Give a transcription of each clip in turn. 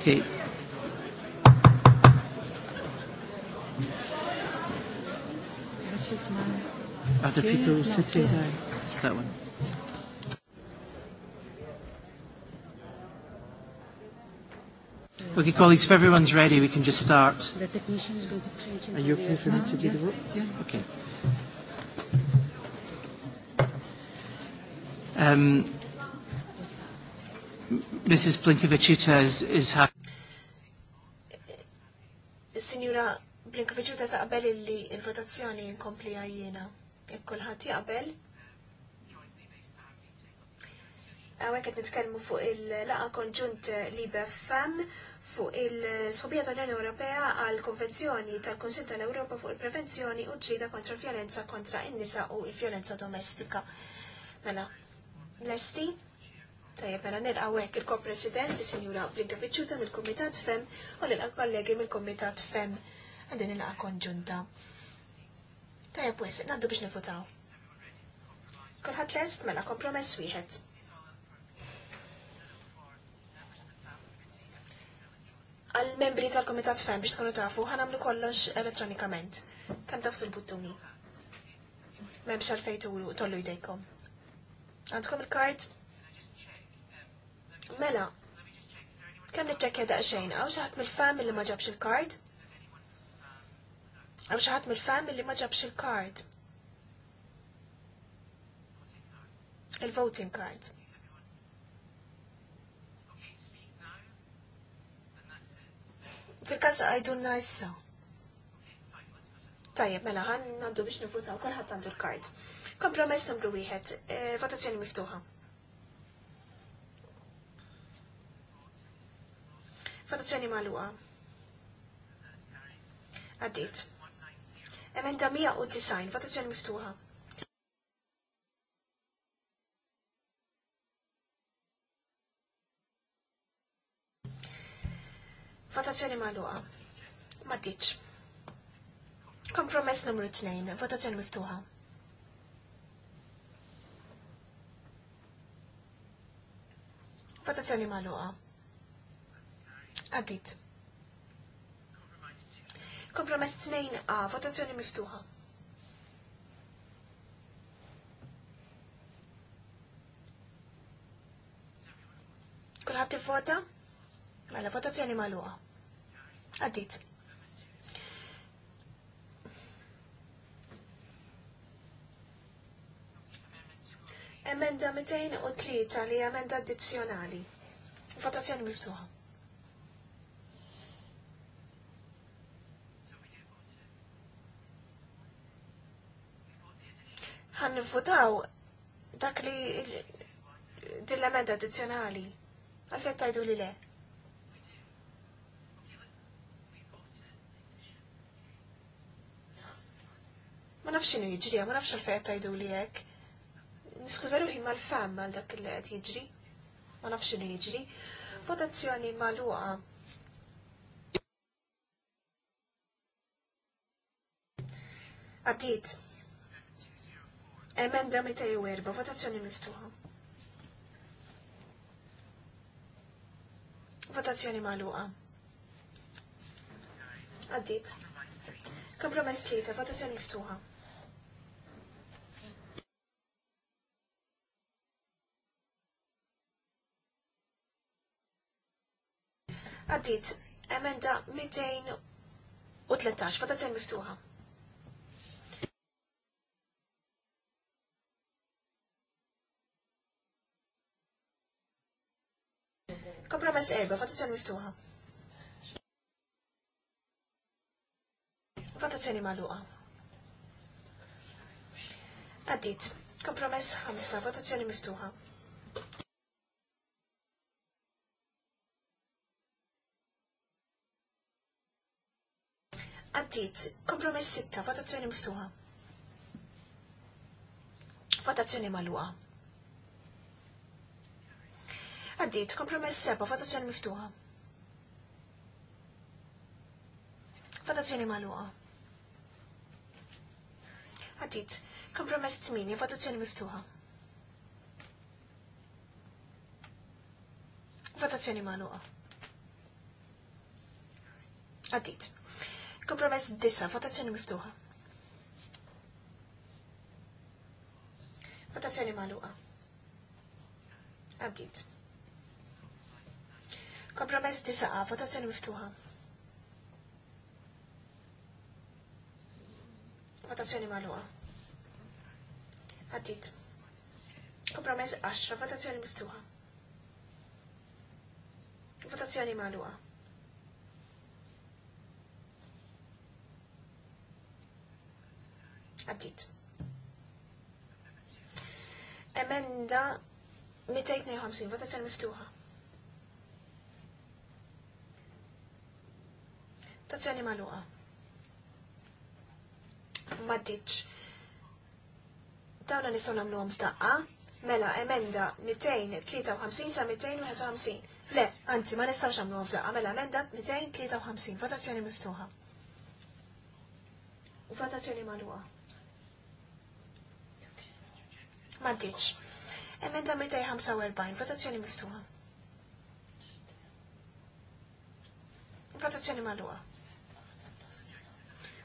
Okay. Other ah, people sitting here. It's that one. Okay, colleagues, if everyone's ready, we can just start. The technician is going to change. Are you okay for me to do the work? Yeah. Okay. Um, Mrs. Blinkovicita is, is happy. Signora Blinkovicita taqbel illi il-votazzjoni inkompli għajjena. Ikkulħat jaqbel. Għawek għed nitkellmu fuq il-laqa konġunt li fuq il-Sobija unjoni Ewropea għal konvenzjoni tal-Konsil tal-Ewropa fuq il-prevenzjoni u ġrida kontra l-vjolenza kontra in-nisa u l-vjolenza domestika. Mela, lesti? Tajjeb, mela nilqawek il-ko-president, Sinjura fiċċuta mill-Komitat FEM u nilqaw kollegi mill-Komitat FEM għandin il konġunta. Tajja wis, naddu biex nifutaw. Kolħat lest mela kompromess wieħed. Għal-membri tal-Komitat FEM biex tkunu tafu għanamlu kollox elettronikament. Kemm tafsu l-buttuni? Memx fejtu tollu jdejkom. Għandkom il-kart? Mela, kemm niċċekkja daqsxejn, għaw xaħat mil fam li ma ġabx il-kard? Għaw xaħat mil fam li ma ġabx il-kard? Il-voting card. Fil-kas għajdu najsa. Tajjeb, mela għan għandu biex nifutaw, kolħat għandu l-kard. Kompromess numru wieħed, eh, votazzjoni miftuħa. Votazzjoni maluqa. Għaddit. Emenda 190, votazzjoni miftuħa. Votazzjoni maluqa. Ma tiċ. Kompromess numru 2. Votazzjoni miftuħa. Votazzjoni maluqa. Għaddit. Kompromess 2 A, votazzjoni miftuħa. Kulħadd vota Mela votazzjoni magħluqa. Għaddit. Emenda 203 li emenda addizzjonali. Votazzjoni miftuħa. nifutaw dak li dill-emenda addizjonali. Għalfet tajdu li le. Ma nafx xinu jiġri, ma nafx għalfet tajdu li jek. Niskużaru ruħi mal-fam għal dak li għed jiġri. Ma nafx xinu jiġri. Votazzjoni maluqa. Għaddit. Emenda 204, votazzjoni miftuħa. Votazzjoni maluqa. Għaddit. Kompromess tlieta, votazzjoni miftuħa. Għaddit, emenda 213, votazzjoni miftuħa. Kompromess erba, votazzjoni miftuħa. Votazzjoni maluqa. Għaddit, kompromess ħamsa, votazzjoni miftuħa. Għaddit, kompromess sitta, votazzjoni miftuħa. Votazzjoni maluqa. Għaddit, kompromess seba, votazzjoni miftuħa. Votazzjoni maluqa. Għaddit, kompromess t-minja, votazzjoni miftuħa. Votazzjoni maluqa. Għaddit, kompromess disa, votazzjoni miftuħa. Votazzjoni maluqa. Għaddit. Kompromess tisaqa, votazzjoni miftuħa. Votazzjoni maluqa. Għaddit. Kompromess 10, votazzjoni miftuħa. Votazzjoni maluqa. Għaddit. Emenda 250, votazzjoni miftuħa. Votazzjoni maluqa. Maddiċ. Dawna nistaw namlu għom f'daqqa. Mela, emenda 253 sa 251. Le, anzi, ma nistawx għom f'daqqa. Mela, emenda 253. Votazzjoni miftuħa. U Votazzjoni maluqa. Maddiċ. Emenda 245. Votazzjoni miftuħa. Votazzjoni maluqa.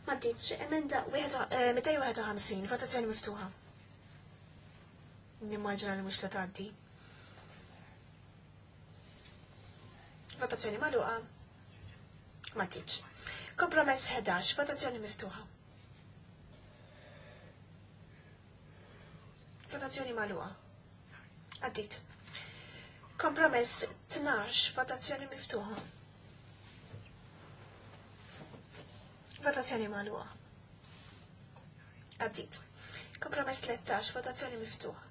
Maddiċ, emenda 251, eh, votazzjoni miftuħa. Nimmaġina li mux sataddi. Votazzjoni maluqa. Maddiċ. Kompromess 11, votazzjoni miftuħa. Votazzjoni maluqa. Għaddit. Kompromess 12, votazzjoni miftuħa. Votazzjoni magħluqa. Għaddit. Kompromess 13, votazzjoni miftuħa.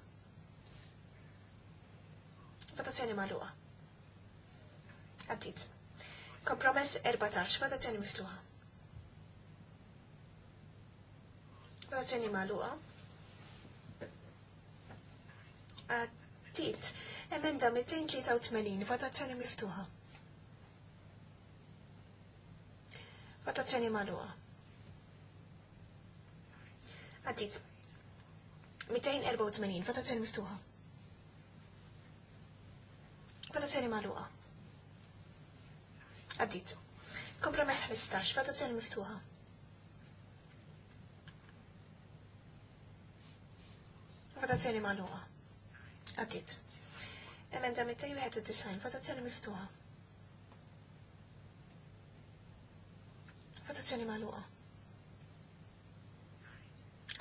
Votazzjoni magħluqa. Għaddit. Kompromess 14, votazzjoni miftuħa. Votazzjoni magħluqa. Għaddit. Emenda 283, votazzjoni miftuħa. Votazzjoni maluqa. Għaddit. 284, votazzjoni miftuħa. Votazzjoni maluqa. Għaddit. Kompromess 15, votazzjoni miftuħa. Votazzjoni maluqa. Għaddit. Emenda 291, votazzjoni miftuħa. Votazzjoni maluqa.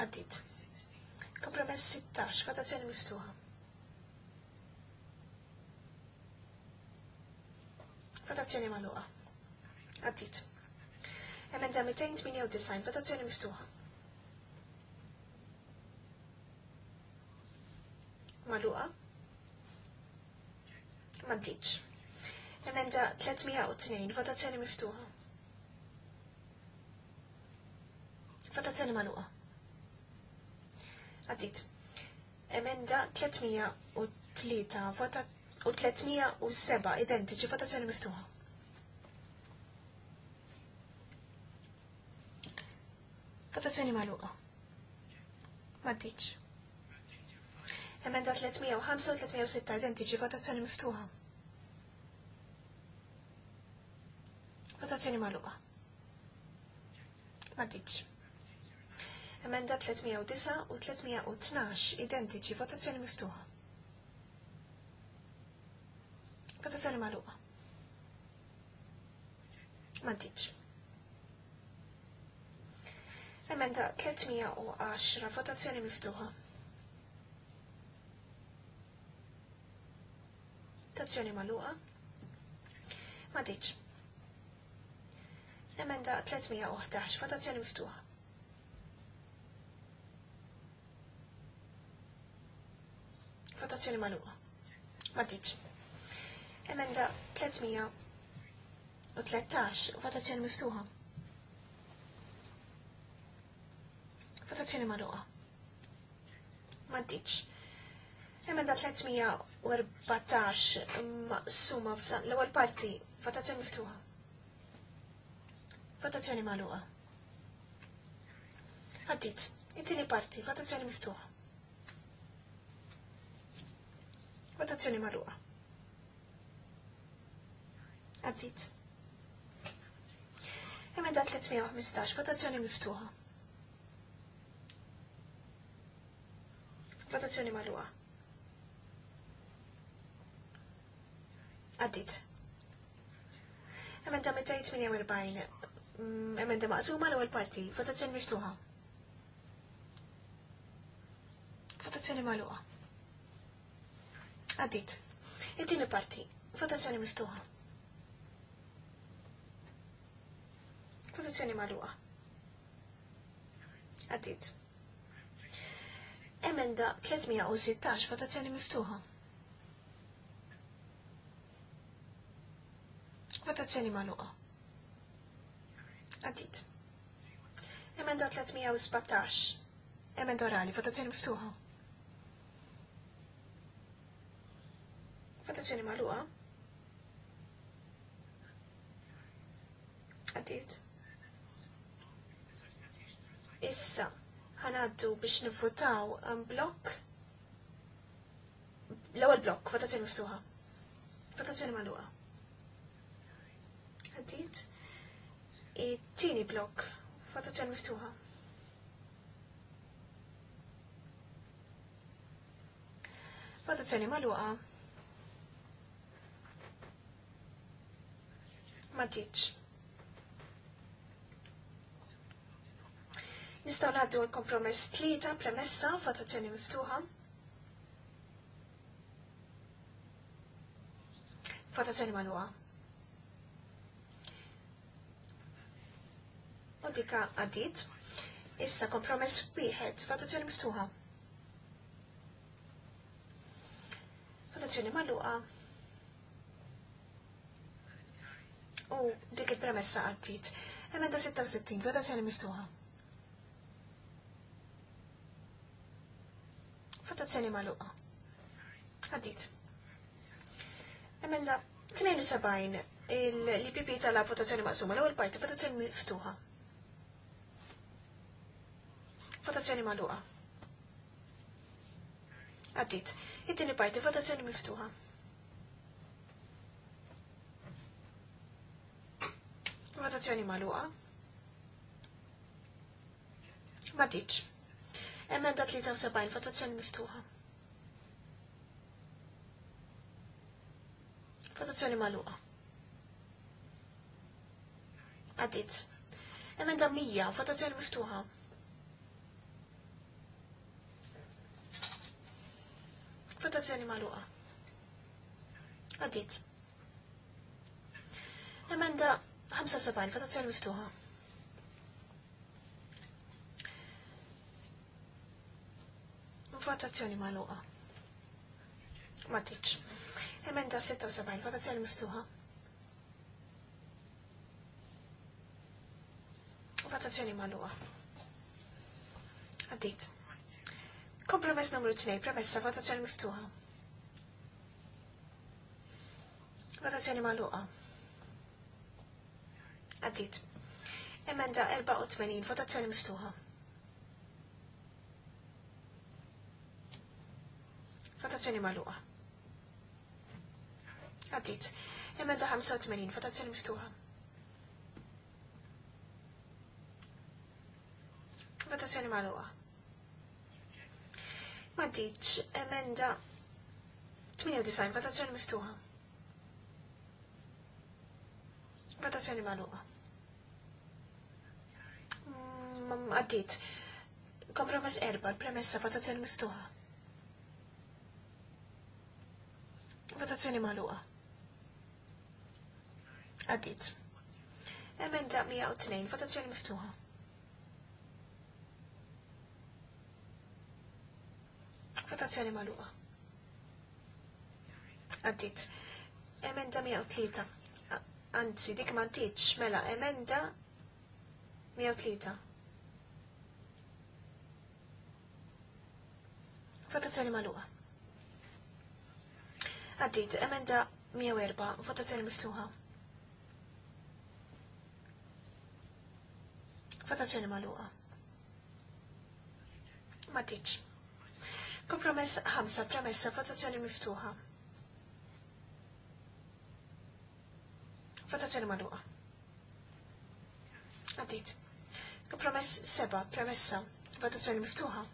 Għaddit. Kompromess 16, votazzjoni miftuħa. Votazzjoni maluqa. Għaddit. Emenda 298, votazzjoni miftuħa. Maluqa. Maddiċ. Emenda 302, votazzjoni miftuħa. Votazzjoni maluqa. Għaddit. Emenda 303 vota u 307 identiċi fattazzjoni miftuħa. Votazzjoni maluqa. Maddiċ. Emenda 305 u 306 identiċi fattazzjoni miftuħa. Votazzjoni maluqa. Maddiċ. Emenda 309 u 312 identiċi votazzjoni miftuħa. Votazzjoni magħluqa. Mantiċ. Emenda 310 votazzjoni miftuħa. Votazzjoni magħluqa. Mantiċ. Emenda 311 votazzjoni miftuħa. votazzjoni maluqa. Ma tiġ. Emenda 313, votazzjoni miftuħa. Votazzjoni maluqa. Ma tiġ. Emenda 314 maqsuma l-ewwel parti votazzjoni miftuħa. Votazzjoni maluqa. Għaddit, it-tieni parti, votazzjoni miftuħa. Votazzjoni marruqa. Għazzit. Emenda 315, votazzjoni miftuħa. Votazzjoni marruqa. Għaddit. Emenda 248, mm, emenda maqsuma l għol parti, votazzjoni miftuħa. Votazzjoni marruqa. Għaddit. It-tieni parti. Votazzjoni miftuħa. Votazzjoni magħluqa. Għaddit. Emenda 316 votazzjoni miftuħa. Votazzjoni magħluqa. Għaddit. Emenda 317. Emenda orali, votazzjoni miftuħa. Votazzjoni maluqa. Għaddiet. Issa, ħanaddu biex nivvotaw blok. l ewel blok, votazzjoni miftuħa. Votazzjoni maluqa. Għaddiet. it tini blok, votazzjoni miftuħa. Votazzjoni maluqa ma Nistaw naddu l-kompromess tlieta premessa votazzjoni miftuħa. Votazzjoni manuqa. U dika għaddit. Issa kompromess wieħed votazzjoni miftuħa. Votazzjoni manuqa. u dik il-premessa għattit. Emenda 66, votazzjoni miftuħa. Votazzjoni maluqa. Għaddit. Emenda 72, l-IPP tal votazzjoni maqsuma, l-ewwel parti votazzjoni miftuħa. Votazzjoni maluqa. Għattit. It-tieni parti votazzjoni miftuħa. Votazzjoni maluqa. Ma tiċ. Emenda 73, votazzjoni miftuħa. Votazzjoni maluqa. Għaddit. Emenda 100, votazzjoni miftuħa. Votazzjoni maluqa. Għaddit. Emenda 75, votazzjoni miftuħa. Votazzjoni maluqa. Ma tiċ. Emenda 76, votazzjoni miftuħa. Votazzjoni maluqa. Għaddit. Kompromess numru 2, premessa, votazzjoni miftuħa. Votazzjoni maluqa. Għaddit. Emenda 84, votazzjoni miftuħa. Votazzjoni maluqa. Għaddit. Emenda 85, votazzjoni miftuħa. Votazzjoni maluqa. Maddiċ, emenda 98, votazzjoni miftuħa. Votazzjoni maluqa għaddit. Kompromess erba, premessa votazzjoni miftuħa. Votazzjoni maluqa. Għaddit. Emenda 102, votazzjoni miftuħa. Votazzjoni maluqa. Għaddit. Emenda 103, anzi dik ma għaddiċ, mela, emenda 103. Votazzjoni maluqa. Għaddit, emenda 104, votazzjoni miftuħa. Votazzjoni maluqa. Matiċ. Kompromess 5, premessa, votazzjoni miftuħa. Votazzjoni maluqa. Għaddit. Kompromess 7, premessa, votazzjoni miftuħa.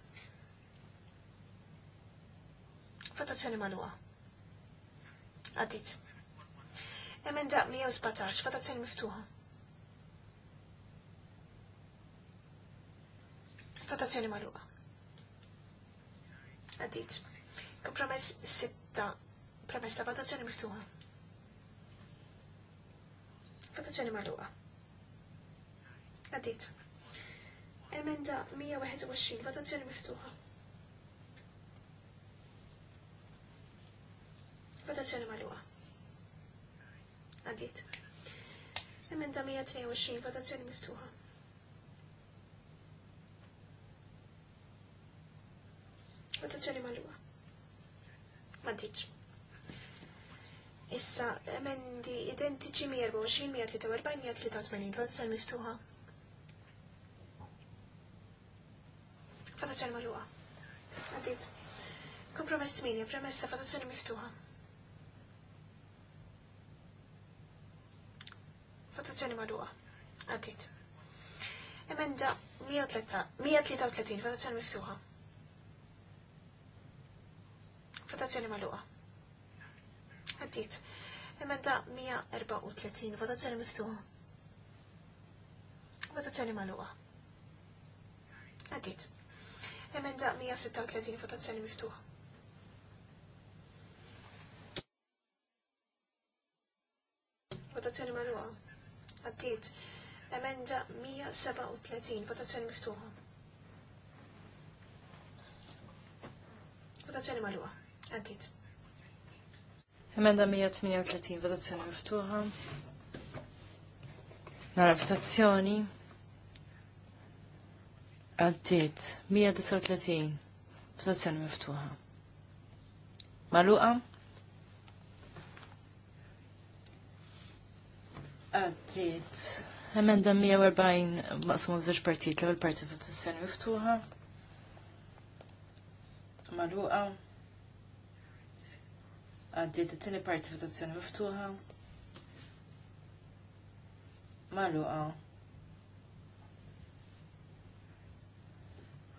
votazzjoni manuqa. Għaddit. Emenda 117, votazzjoni miftuħa. Votazzjoni manuqa. Għaddit. Kompromess 6, premessa votazzjoni miftuħa. Votazzjoni manuqa. Għaddit. Emenda 121, votazzjoni miftuħa. Votazzjoni magħluqa. Għaddiet. Emenda 122, votazzjoni miftuħa. Votazzjoni magħluqa. M'għaddiċ. Issa, emendi identiċi 124, 143, 183, votazzjoni miftuħa. Votazzjoni magħluqa. Għaddiet. Kompromess 8, premessa votazzjoni miftuħa. votazzjoni madwa. Għaddit. Emenda 133, votazzjoni miftuħa. Votazzjoni madwa. Għaddit. Emenda 134, votazzjoni miftuħa. Votazzjoni madwa. Għaddit. Emenda 136, votazzjoni miftuħa. votazzjoni mal għaddit Emenda 137, votazzjoni miftuħa. Votazzjoni maluħa, għaddit. Emenda 138, votazzjoni miftuħa. Nara votazzjoni. Għaddit 139, votazzjoni miftuħa. Maluqa? Għaddit. Emenda 140 maqsum żewġ partijiet l-ewwel parti votazzjoni miftuħa. Maluqa. Għaddit it-tieni parti votazzjoni miftuħa. Maluqa.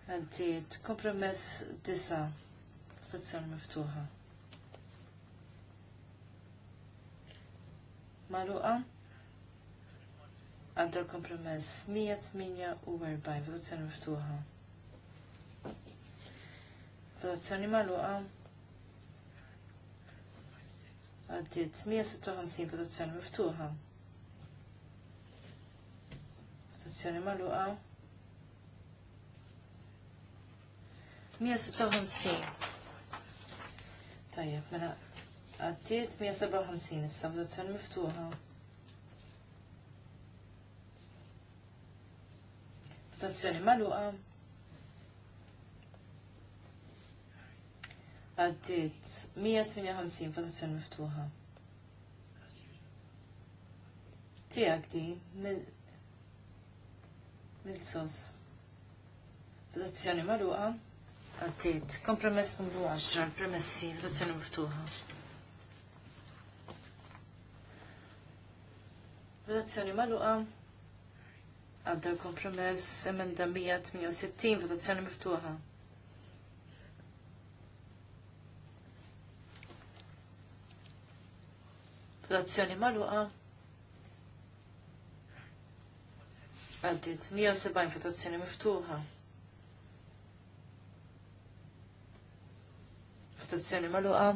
Għaddit kompromess disa votazzjoni miftuħa. Maluqa għadda l-kompromess 148 votazzjoni miftuħa. Votazzjoni maluqa għaddit 156 votazzjoni miftuħa. Votazzjoni maluqa 156. Tajjeb, mela għaddiet 157 issa votazzjoni miftuħa. votazzjoni luqa. Għaddit 158 fondazzjoni miftuħa. Tijak di, mil-sos. Votazzjoni maluqa. Għaddit, kompromess numru 10, premessi, fondazzjoni miftuħa. Votazzjoni maluqa. Għadda kompromess emenda 168, votazzjoni miftuħa. Votazzjoni maluqa. Għaddit, 170 votazzjoni miftuħa. Votazzjoni maluqa.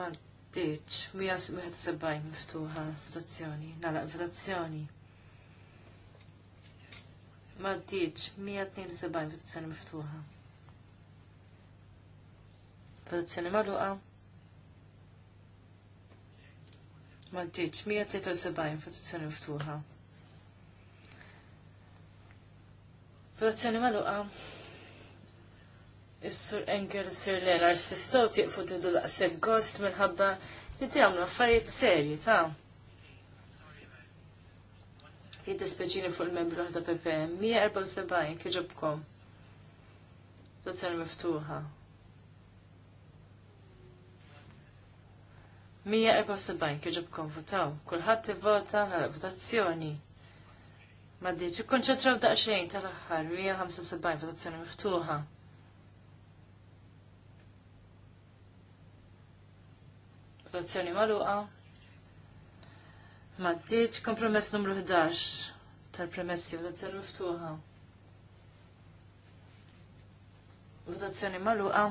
Mal maddiċ, 171 miftuħa votazzjoni, nalaq votazzjoni. Ma mi Maddiċ, 172 votazzjoni miftuħa. Votazzjoni maluqa. Maddiċ, 173 votazzjoni miftuħa. Votazzjoni maluqa. Is-sur Engel Sir Leonard tistgħu tieqfu tidu daqshekk gost minħabba li tagħmlu affarijiet serji ta' ispeċini fuq il-membru ta' PPM, 174 kieġobkom. Sozzjoni miftuħa. 174 kieġobkom votaw, kulħadd ivvota għal votazzjoni. Ma diċ, ikkonċentraw daqsxejn tal-aħħar, 175 votazzjoni miftuħa. votazzjoni maluqa. Maddiċ kompromess numru 11 tal-premessi votazzjoni miftuħa. Votazzjoni maluqa.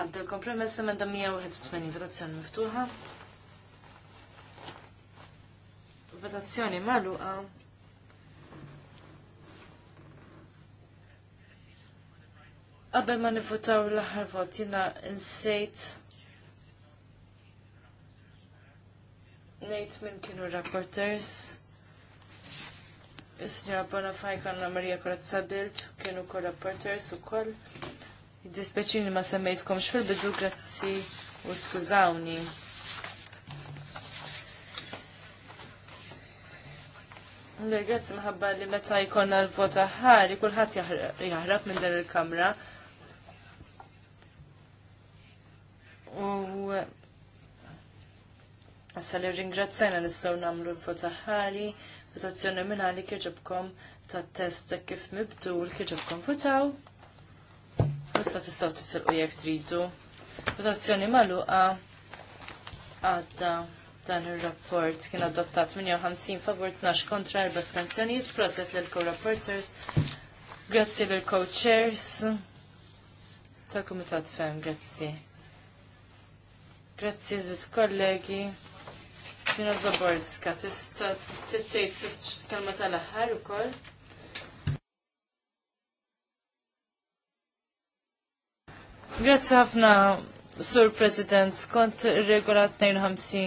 Għadda l-kompromess emenda 181 votazzjoni miftuħa. Votazzjoni maluqa. Qabel ma nivvotaw l-aħħar vot jiena insejt ngħid min kienu rapporters. Is-Sinjora Bonafaj kanna Marija Korazza Bilt kienu rapporters ukoll. Jiddispeċini ma semmejtkomx fil-bidu grazzi u skużawni. Grazzi maħabba li meta jkonna l-vota ħari, kullħat jahrab minn din il-kamra, U li ringrazzajna nistaw namlu l ħali, votazzjoni minna li kieġobkom ta' test ta' kif mibdu l kieġobkom votaw. Issa tistaw titilqu jek tridu. Votazzjoni maluqa għadda dan il-rapport kien adottat 58 favur 12 kontra 4 stanzjonijiet, proset l-co-rapporters, grazzi l-co-chairs tal komitat Fem, grazzi. Grazzi ziz kollegi. Sina Zaborska, tista tittejt kalma tal-aħħar ukoll. Grazzi ħafna, Sur President, skont regola 52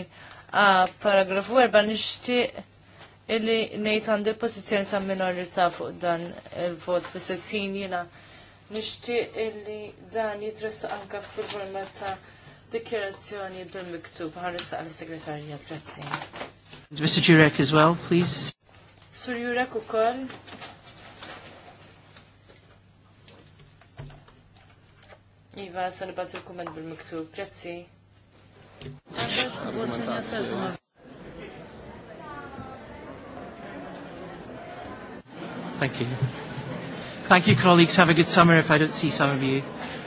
a paragrafu 4 nixtieq illi nejt għandi pozizjoni ta' minorita fuq dan il-vot fis sessin jina. Nishti illi dan jitressa anka fil-forma ta' dikjerazzjoni bil-miktub ħarrissa għal segretarijat grazzi. Mr. Jurek as well, please. Sur Jurek u koll. Iva, salibat il-komment bil-miktub, grazzi. Thank you. Thank you, colleagues. Have a good summer if I don't see some of you.